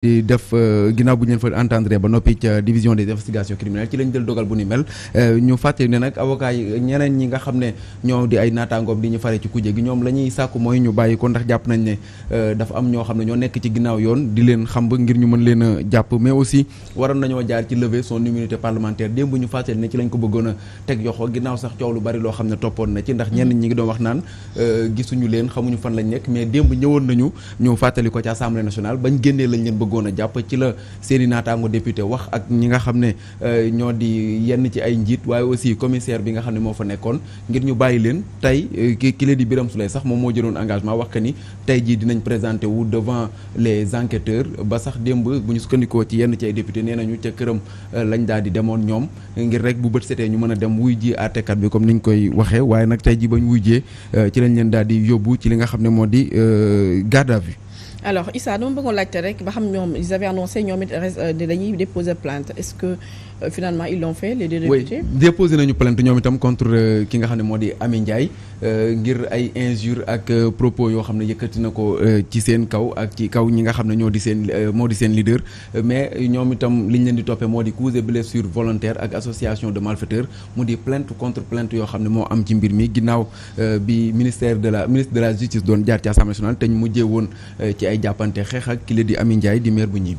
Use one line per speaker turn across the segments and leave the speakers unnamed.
di def euh, ginnaaw bu ñu leen fa entendre ba noppi ca division des investigations criminelles ci lañ jël dogal bu ni mel euh, ñu fàtte ne nag avocat ñeneen ñi nga xam ne ñoo di ay naataangoom di ñu fare ci kuje gi ñoom la ñuy mooy ñu bàyyi ko ndax jàpp nañ ne euh, dafa am ñoo xam ne ñoo nekk ci ginnaaw yoon di leen xam ngir ñu mën leen a jàpp mais aussi waroon nañoo jaar ci lever son immunité parlementaire démb ñu fàttali ne ci lañ ko bëggoon teg yoxo ginnaaw bëggoon a jàpp ci la seeni naataango député wax ak ñi nga xam ne euh, ñoo di yenn ci ay njiit waaye aussi commissaire bi nga xam ne moo fa nekkoon ngir ñu bàyyi leen tey euh, ki la di biram Souleye sax moom moo jëloon engagement wax que ni tey jii dinañ présenté wu devant les enquêteurs ba sax démb bu ñu sukkandikoo ci yenn ci ay député nee nañu ca këram euh, lañ daal di demoon ñoom ngir rek bu bët setee ñu mën a dem wuy ji àttekat bi comme ni ñu koy waxee waaye nag tey ji bañ wuy jee ci lañ leen daal di yóbbu ci li nga xam ne moo di garde à vue
alors Issa dama bëggoon laajte rek ba xam ñoom ils avaient annoncé ñoom it euh, dañuy déposer plainte que Euh, finalement ils l'ont fait les deux députés. oui
déposé nañu plainte ñoom itam contre euh, ki nga xam ne moo di Amy Ndiaye euh, ngir ay injures ak propos yoo xam ne yëkkati na ko ci seen kaw ak ci kaw ñi nga xam ne ñoo di seen moo di seen leader. mais ñoom itam li ñu leen di toppee moo di coups et blessures volontaires ak association de malfaiteurs mu di plainte contre plainte yoo xam ne moo am ci mbir mi ginnaaw bi ministère de la ministre de la justice doon jaar ci assemblée nationale te ñu mujjee woon ci jàppante xeex ak ki la di Amy Ndiaye di maire bu
bi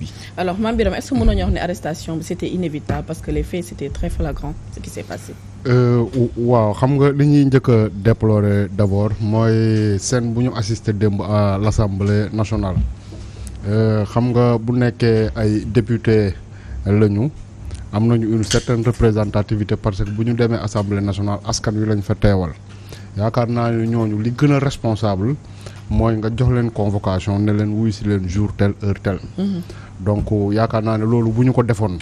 parce que les faits c'était très flagrant ce qui s'est passé.
Euh, waaw xam nga li ñuy njëkk a déplorer d'abord mooy scène bu ñu assister démb à l'Assemblée nationale euh, xam nga bu nekkee ay député lañu am nañu une certaine représentativité parce que bu ñu demee assemblée nationale askan wi lañ fa teewal yaakaar naa ne ñooñu li gën a responsable mooy nga jox leen convocation ne leen wuy si leen jour tel heure tel mhm. donc yaakaar naa ne loolu bu ñu ko defoon.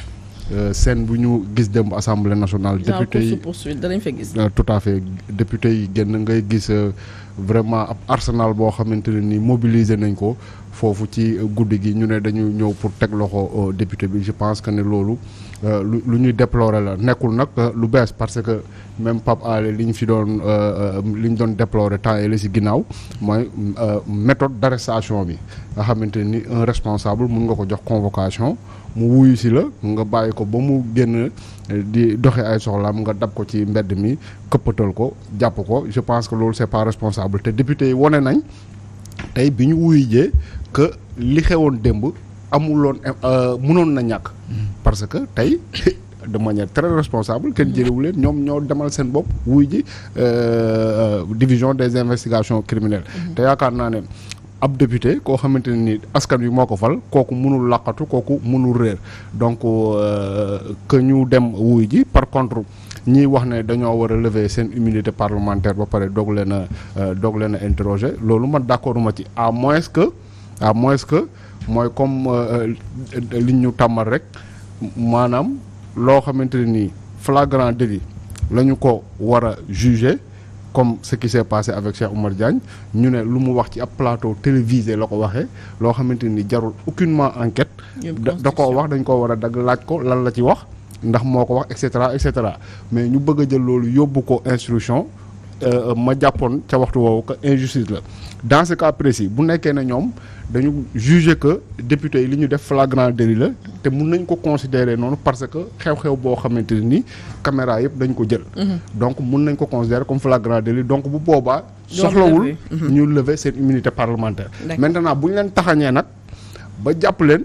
Euh, scène bu ñu gis démb assemblée nationale. député yi
poursuite euh,
tout à fait député yi génn ngay gis euh, vraiment ab arsenal boo xamante ne ni mobiliser nañ ko foofu ci guddi gi ñu ne dañuy ñëw pour teg loxo député bi je pense que ne loolu lu lu ñuy déplorer la nekkul nag lu bees parce que même Pape Alé li ñu fi doon li ñu doon déplorer temps yële si ginnaaw mooy méthode d' arrestation bi nga xamante ni un responsable mun nga ko jox convocation. mu wuyu si la nga bàyyi ko ba mu génn eh, di doxe ay soxlaam nga dab ko ci mbedd mi këppatal ko jàpp ko je pense que loolu c'est pas responsable te député yi wane nañ tey bi ñu wuyu jee que li xewoon démb amuloon eh, euh, mënoon na ñàkk parce que tey de manière très responsable kenn jëlewu ñoom ñoo demal seen bopp wuy ji euh, euh, division des investigations criminelles mm-hmm. te yaakaar naa ne ab député koo xamante ne ni askan bi moo ko fal kooku mënul làqatu kooku mënul réer donc euh, que ñu dem wuy ji par contre ñiy wax ne dañoo war a lever seen immunité parlementaire ba pare doog leen a euh, doog leen a interroger loolu man d'accord ma ci à moins que à moins que mooy comme euh, li ñu tàmmal rek maanaam loo xamante ne nii flagrant délit la ñu ko war a juger comme ce qui s'est passé avec Cheikh Oumar Diagne ñu ne lu mu wax ci ab plateau télévisé la ko waxee loo xamante ni jarul ocunement enquête da da koo wax dañ ko war a dagg laaj ko lan la ci wax ndax moo ko wax et cetera et cetera mais ñu bëgg a jël loolu yóbbu ko instruction Euh, ma jàppoon ca waxtu woowu que injustice la dans ce cas précis bu nekkee ne ñoom dañu juger que député yi li ñu def flagrant délit la te mun nañ ko considérer noonu parce que xew-xew boo xamante ni caméra yëpp dañ ko jël mhm. donc mun nañ ko considérer comme flagrant délit donc bu boobaa soxlawul mhm. ñu lever seen immunité parlementaire maintenant bu ñu leen taxañee nag ba jàpp leen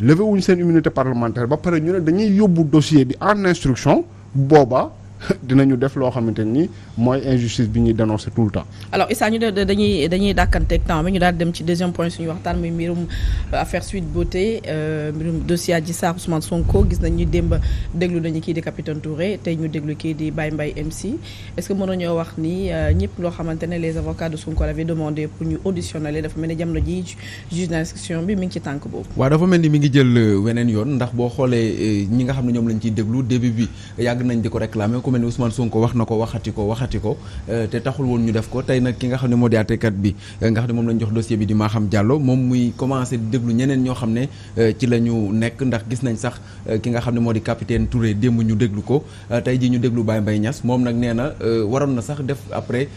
lever wuñ seen immunité parlementaire ba pare ñu ne dañuy yóbbu dossier bi en instruction boobaa ñu def loo xamante ni mooy injustice bi ñu dénoncer tout le temps.
alors Issa ñu de dañuy dañuy dàkkanteeg temps bi ñu daal dem ci deuxième point suñu waxtaan muy mbirum euh, affaire Sweet Beauté euh, mbirum dossier Adji Sarr Ousmane Sonko gis nañ ñu démb déglu nañu kii di capitaine Touré tey ñu déglu kii di Baye Mbaye MC est-ce que mën nañoo wax ni euh, ñëpp loo xamante ne les avocats de Sonko l'avaient demandé pour ñu auditionner dafa mel ni jamono mi ngi ci tànk boobu.
waaw dafa mel ni mi ngi jël weneen yoon nda boo xoolee ñi nga xam ne ñoom lañ ciy déglu début bi nañ di ko réclamer ku mel wax na ko waxati ko waxati ko euh, te taxul woon ñu def ko tey nag ki nga xam ne moo di àttekat bi euh, nga xam ne moom lañ jox dossier bi di Maham Diallo moom muy commencé di déglu ñeneen ñoo xam ne euh, ci la ñu nekk ndax gis nañ sax ki nga xam ne moo di capitaine Touré démb ñu déglu ko tey jii ñu déglu Baye bay Niass moom nag nee na waroon na sax def après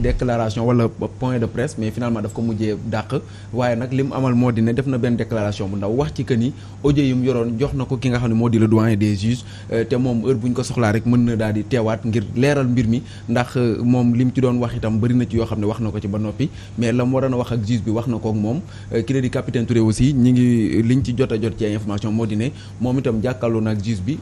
déclaration wala point de presse mais finalement daf ko mujjee dàq waaye nag li mu amal moo di ne def na benn déclaration bu ndaw wax ci yoroon jox na ko ki nga xam ne moo di le doyen des juges te moom heure bu ko soxlaa rek mën na daal di teewaat ngir leeral mbir mi ndax euh, moom li mu ci doon wax itam bëri na ci yoo xam ne wax na ko ci ba noppi mais la mu waroon a wax ak juge bi wax na ko ak moom euh, ki la di capitaine euh, ci jot jot ci ay information moo di ne moom itam jàkkaarloo na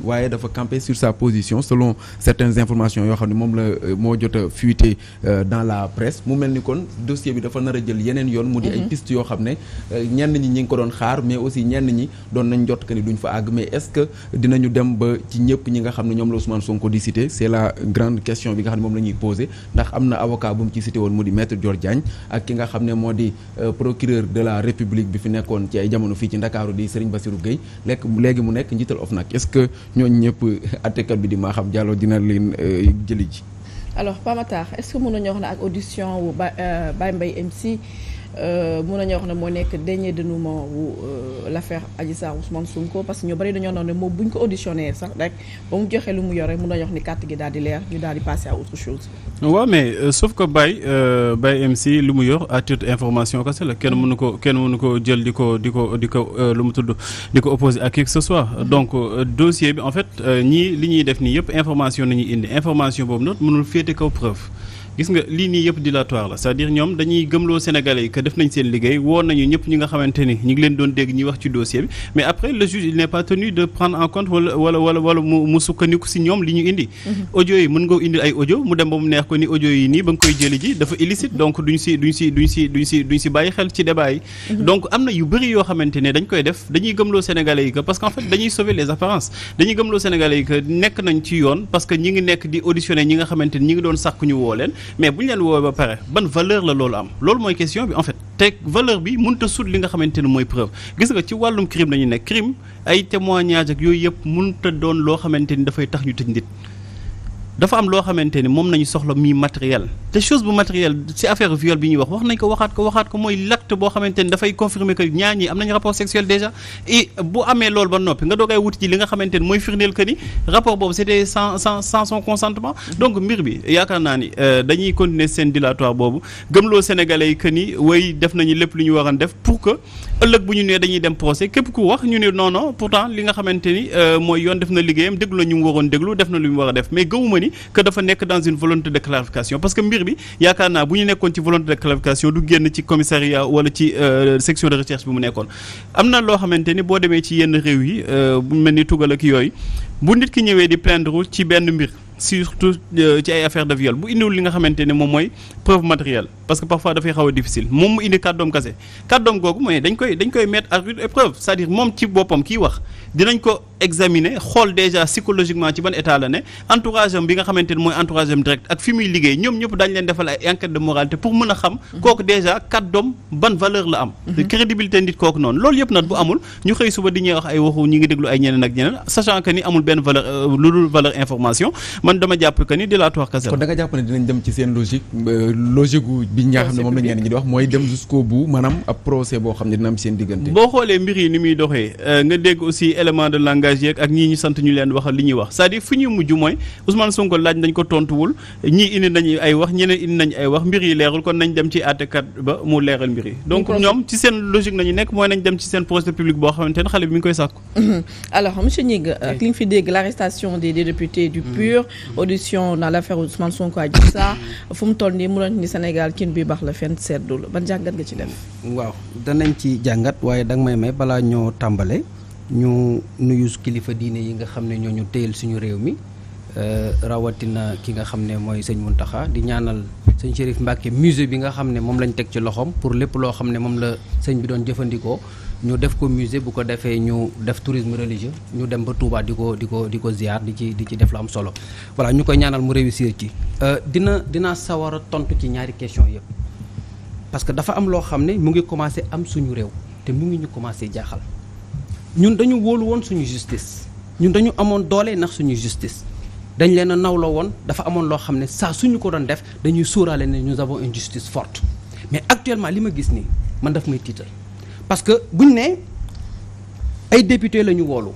waaye dafa campé sur sa position selon certaines yoo xam ne moom la moo jot a fuité dans la presse mu mel ni kon dafa nar a jël yeneen yoon mu di ay mhm. piste yoo xam ne ñenn ñi ñi ngi ko doon xaar mais aussi ñenn ñi doon nañ jot que ni duñ fa àgg mais est dinañu dem ba ci ñëpp ñi nga xam ne ñoom la Ousmane Sonko Sonko di cité c' la grande question bi nga xam ne moom la ñuy ndax am na avocat bu ci cité woon mu di maître Dior Diagne ak ki nga xam ne moo di euh, procureur de la république bi fi nekkoon ci ay jamono fii ci Ndakaaru di Serigne Bassirou Gueye lekk léegi mu nekk njiital OFNAC est ce que ñooñu ñëpp attekat bi di xam jàlloo dina leen euh, jëli ji
alors Pamatar est ce que mën nañu wax ak audition wu euh, Baye Mbaye MC Euh, mun nañoo wax ne moo nekk dernier dénouement wu euh, l'affaire Adji Sarr Ousmane ko parce que ñu bari dañoo doon ne moom bu ñu ko auditionné sax rek ba mu joxe lu mu yore mun nañoo wax ni carte gi daal di leer ñu daal di passer à autre chose.
waaw mais euh, lu mu yor à titre information kese la kenn mënu ko kenn mënu ko jël di ko di ko lu mu tudd di ko opposé ak qui que ce soit donc dossier bi en fait ñii li ñuy def nii yëpp information nañuy indi information boobu nag mënul féete kaw preuve. gis nga lii nii yëpp dilatoire la c'est-à-dire ñoom dañuy gëmloo sénégalais yi que def nañu ñëpp ni ñu leen doon dégg ñuy wax ci dossier bi mais après le juge il n'est mm-hmm. yi ay audio mu dem ba mu neex ko ni yi nii ba nga koy jëli ji dafa illicite donc duñ si duñ mm-hmm. na yu bëri yoo xamante ne dañ koy def dañuy gëmloo sénégalais yi que parce qu'en fait dañuy sauver les apparences dañuy gëmloo sénégalais yi que nekk nañ ci yoon parce que ñi ngi nekk di auditionné ñi nga xamante ni ñi ngi doon sàkku ñu woo leen mais bu ñu leen woowee ba pare ban valeur la loolu am loolu mooy question bi en fait te valeur bi mënut a sut li nga xamante ni mooy preuve gis nga ci wàllum crime la ñu nekk crime ay témoignage ak yooyu yëpp mënut a doon loo xamante ni dafay tax ñu tëj nit dafa am loo xamante ni moom nañu soxla mii matériel te chose bu matériel ci affaire viol bi ñuy wax wax nañ ko waxaat ko waxaat ko mooy l'acte boo xamante ni dafay confirmer que ñaar ñi am nañu rapport sexuel déjà et bu amee loolu nga xamante ni mooy firndeel que ni rapport boobu c'était sans sans sans son consentement donc mbir bi yaakaar naa ni euh, dañuy continuer seen dilatoire boobu gëmloo sénégalais yi que ni way def nañu lépp lu ñu waroon def pour que ëllëg bu ñu nee dañuy dem procès képp ku wax ñu ne noono non pourtant li nga xamante ni euh, mooy yoon def na liggéeyam déglu ñu mu waroon déglu def na lu war a mais gëmuma ni ni que dafa nekk dans une volonté de clarification parce que mbir bi yaakaar naa bu ñu nekkoon ci volonté de clarification du génn ci commissariat wala ci euh, section de recherche bi mu nekkoon am na loo xamante ni boo demee ci yenn réew yi euh, bu mel ni tugal ak yooyu bu nit ki ñëwee di plaindre ci benn mbir surtout euh, ci ay affaire de viol bu indiwul li nga xamante ne moom mooy preuve matérielle parce que parfois dafay xaw difficile moom mu indi kàddoom kase kàddoom googu mooy dañ koy dañ koy mettre à rude épreuve examiner xool déjà psychologiquement ci ban état la ne entourage bi nga xamante ne mooy entourage am direct ak fi muy liggéey ñoom ñëpp dañ leen defal ay enquête de moralité pour mën a xam mhm. kooku déjà kàddoom ban valeur la am mhm. crédibilité nit kooku noonu loolu yëpp nag bu amul ñu xëy suba di ñuy wax ay waxu ñi ngi déglu ay ñeneen ak ñeneen sachant que ni amul benn valeur euh, lu dul valeur information man dama jàpp que ni dilatoire kase nga
jàpp ne dinañ dem ci seen logique euh, logique gu bi nga di wax mooy dem jusqu'au bout maanaam ab xam ne dina am seen diggante
boo xoolee mbir yi ni muy doxee euh, nga engagé ak ñii ñu sant ñu leen waxal li ñuy wax cest à fu ñuy mujj mooy Ousmane Sonko laaj nañ ko tontuwul ñii indi nañu ay wax ñeneen indi nañ ay wax mbir yi leerul kon nañ dem ci àttekat ba mu leeral mbir yi donc ñoom ci seen logique nañu nekk mooy nañ dem ci seen projet public boo xamante ne xale bi mi ngi koy sàkku
mhm. alors monsieur Gningue euh, ak li ñu fi dégg l'arrestation des députés du mhm. PUR audition dans l'affaire Ousmane Sonko a gis ça fu toll nii mu doon ni Sénégal kin bi baax la fenn seddul ban jàngat nga ci def
waaw danañ ci jàngat waaye danga may may balaa ñu nuyu kilifa diine yi nga xam ne ñoo ñu téyel suñu réew mi euh, rawatina ki nga xam ne mooy sëñ mun taxa di ñaanal sëñ Chérif Mbacke musée bi nga xam ne moom lañ teg ci loxoom pour lépp loo xam ne moom la sëñ bi doon jëfandikoo ñu def ko musée bu ko defee ñu def tourisme religieux ñu dem ba Touba di ko di ko di ko ziar di ci di ci def lu am solo voilà ñu koy ñaanal mu réussir ci. Euh, dina dina sawar tontu ci ñaari question yëpp parce que dafa am loo xam ne mu ngi commencé am suñu réew te mu ngi ñu commencé jaaxal. ñun dañu woolu woon suñu justice ñun dañu amoon doolee nax suñu justice dañ leen a nawloo woon dafa amoon loo xam ne saa suñu ko doon def dañuy sóoraale ne nous avons une justice forte mais actuellement li ma gis nii man daf may tiital parce que buñ ne ay député la ñu woolu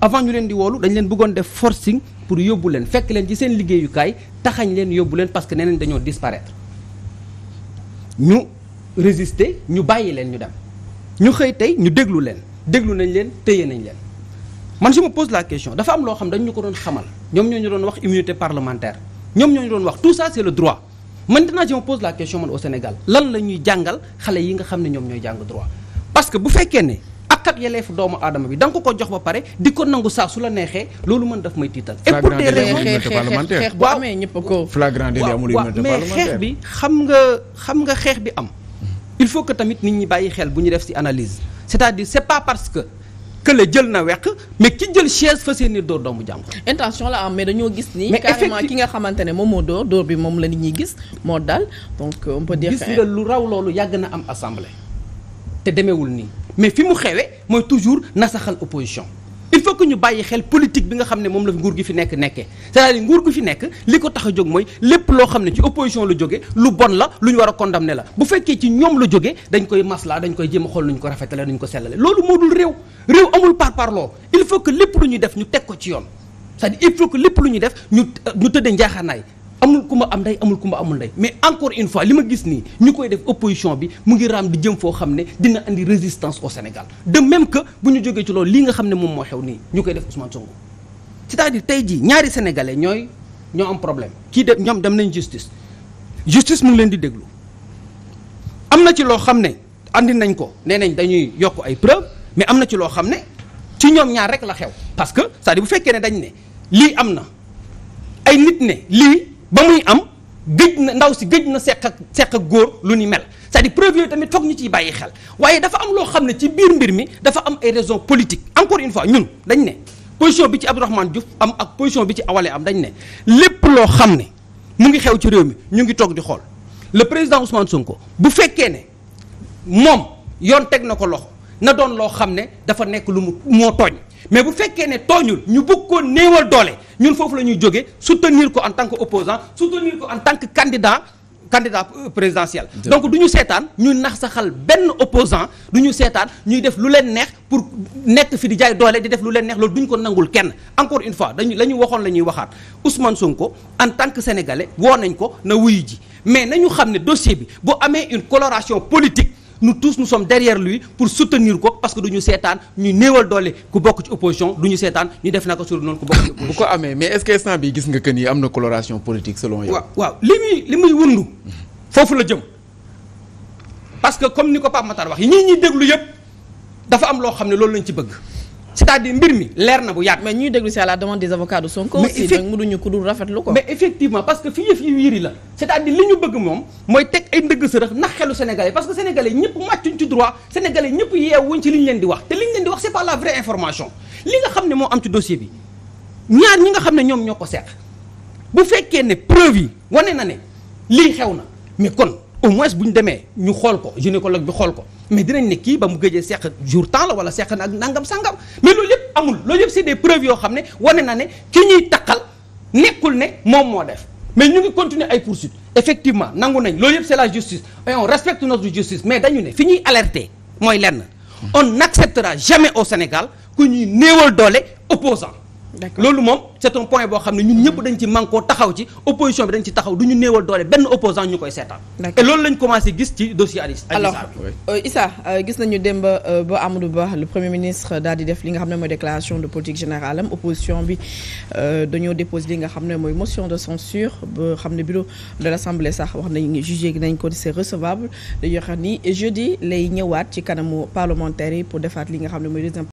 avant ñu leen di woolu dañ leen bëggoon def forcing pour yóbbu leen fekk leen ci seen liggéeyukaay taxañ leen yóbbu leen parce que neneen dañoo disparaître ñu résister ñu bàyyi leen ñu dem ñu xëy tey ñu déglu leen déglu nañ leen téye nañ leen man je ma pose la question dafa am loo xam dañ ñu ko doon xamal ñoom ñoo ñu doon wax immunité parlementaire ñoom ñoo ñu doon wax tout ça c'est le droit maintenant je me pose la question man au Sénégal lan la ñuy jàngal xale yi nga xam ne ñoom ñooy jàng droit parce que bu fekkee ne ak ak yeleefu doomu aadama bi da nga ko ko jox ba pare di ko nangu saa su la neexee loolu mën daf may tiital. et pour des raisons xeex amee ñëpp ko. flagrant délit amul immunité parlementaire waaw mais xam nga xam nga xeex bi am. il faut que tamit nit ñi bàyyi xel bu ñu def ci analyse c'est-à-dire c'est pas parce que
kële jël na wex mais ki jël chaise fa yéene dóor doomu jàmbur. intention la am mais dañoo gis ni. mais carrément ki nga xamante ne moom moo dóor dóor bi moom la nit ñi gis moo dal donc euh, on peut dire. gis lu raw loolu yàgg na am assemblée te demeewul nii mais fi mu xewee mooy toujours
nasaxal opposition. il faut que ñu bàyyi xel politique bi nga xam ne moom la nguur gi fi nekk nekkee c'est-à-dire nguur gi fi nekk li ko tax a jóg mooy lépp loo xam ne ci opposition la jóge lu bon la lu ñu war a condamner la bu fekkee ci ñoom la jóge dañ koy maslaa dañ koy jéem a xool nu ñu ko rafetale dañ ko sellale loolu moo dul réew réew amul parparloo il faut que lépp lu ñuy def ñu teg ko ci yoon sa à dire il faut que lépp lu ñuy def ñu ñu tëddee njaaxaanaay amul ku am ndey amul ku ma amul ndey mais encore une fois li ma gis nii ñu koy def opposition bi mu ngi raam di jëm foo xam ne dina indi résistance au Sénégal dem même que bu ñu jógee ci loolu lii nga xam ne moom moo xew nii ñu koy def Ousmane Sonko c'est-à-dire tey jii ñaari sénégalais ñooy ñoo am problème kii de ñoom dem nañ justice justice mu ngi leen di déglu am na ci loo xam ne andi nañ ko nee nañ dañuy yokk ay preuve mais am na ci loo xam ne ci ñoom ñaar rek la xew parce que cest bu fekkee ne dañ ne lii am na ay nit lii ba muy am gëj na ndaw si gëj na seq ak seq ak góor lu ni mel cest di dire yooyu tamit foog ñu ciy bàyyi xel waaye dafa am loo xam ne ci biir mbir mi dafa am ay raisons politique encore une fois ñun dañ ne position bi ci Abdourahmane Diouf am ak position bi ci Awalé am dañ ne lépp loo xam ne mu ngi xew ci réew mi ñu ngi toog di xool le président Ousmane ko bu fekkee ne moom yoon teg na ko loxo na doon loo xam ne dafa nekk lu mu moo tooñ mais bu fekkee ne tooñul ñu bëgg ko néewal doole ñun foofu la ñuy jógee soutenir ko en tant que opposant soutenir ko en tant que candidat candidat euh, présidentiel donc duñu ñu seetaan ñu nax saxal benn opposant du ñu seetaan ñuy def lu leen neex pour nekk fi di jaay doole di def lu leen neex loolu duñ ko nangul kenn encore une fois dañu la ñu waxoon la ñuy waxaat Ousmane Sonko en tant que sénégalais woo nañ ko na wuyu ji mais na ñu xam ne dossier bi bu amee une coloration politique nous tous nous sommes derrière lui pour soutenir ko parce que du ñu seetaan ñu néewal doole ku bokk ci opposition du ñu seetaan ñu def naka sur noonu ku bokk ci opposition. bu ko amee mais est-ce bi gis nga que
ni am na coloration politique selon yow.
waaw waaw li muy li muy wundu foofu la jëm parce que comme ni ko Pape Matar wax yi ñii ñuy déglu yëpp dafa am loo xam ne loolu lañ ci bëgg. c'est-à-dire mbir mi leer na bu yàgg. mais ñuy déglu si à la demande des avocats Sonko. mais mais effectivement parce que fi yëf yi yëri la. cest li ñu bëgg moom mooy teg ay ndëgg sërëx nax xelu sénégalais parce que sénégalais ñëpp màccuñ ci droit sénégalais ñëpp yeewuñ ci li ñu leen di wax te li ñu leen di wax c'est pas la vraie information li nga xam ne moo am ci dossier bi ñaar ñi nga xam ne ñoom ñoo ko seq bu fekkee ne preuve yi wane na ne lii xew na mais au moins bu ñu demee ñu xool ko gynécologue bi xool ko mais dinañ ne kii ba mu gëjee seq jour temps la wala seq na ak nangam sangam mais loolu yëpp amul loolu yëpp c'est des preuves yoo xam ne wane na ne ki ñuy taqal nekkul ne moom moo def mais ñu ngi continuer ay poursuites effectivement nangu nañ loolu yëpp c'est la justice on respecte notre justice mais dañu ne fi ñuy alerter mooy lenn on n'acceptera jamais au Sénégal ku ñuy néewal doole opposant loolu moom c'est un point boo xam ne ñun ñëpp dañ ci mànkoo taxaw ci opposition bi dañ ci taxaw du ñu néewal doole benn opposant ñu koy seetaan et loolu lañ commencé gis ci dossier Adji Sarr alors
euh, Issa euh, gis nañu dem euh, ba ba Amadou Ba lu premier ministre daal di def li nga xam ne mooy déclaration de politique générale am opposition bi dañoo déposé li nga xam ne mooy motion de censure ba xam ne bureau de l'Assemblée sax wax nañ jugé nañ ko c'est recevable dañoo xam ni jeudi lay ñëwaat ci kanamu parlementaires yi pour defaat li nga xam ne mooy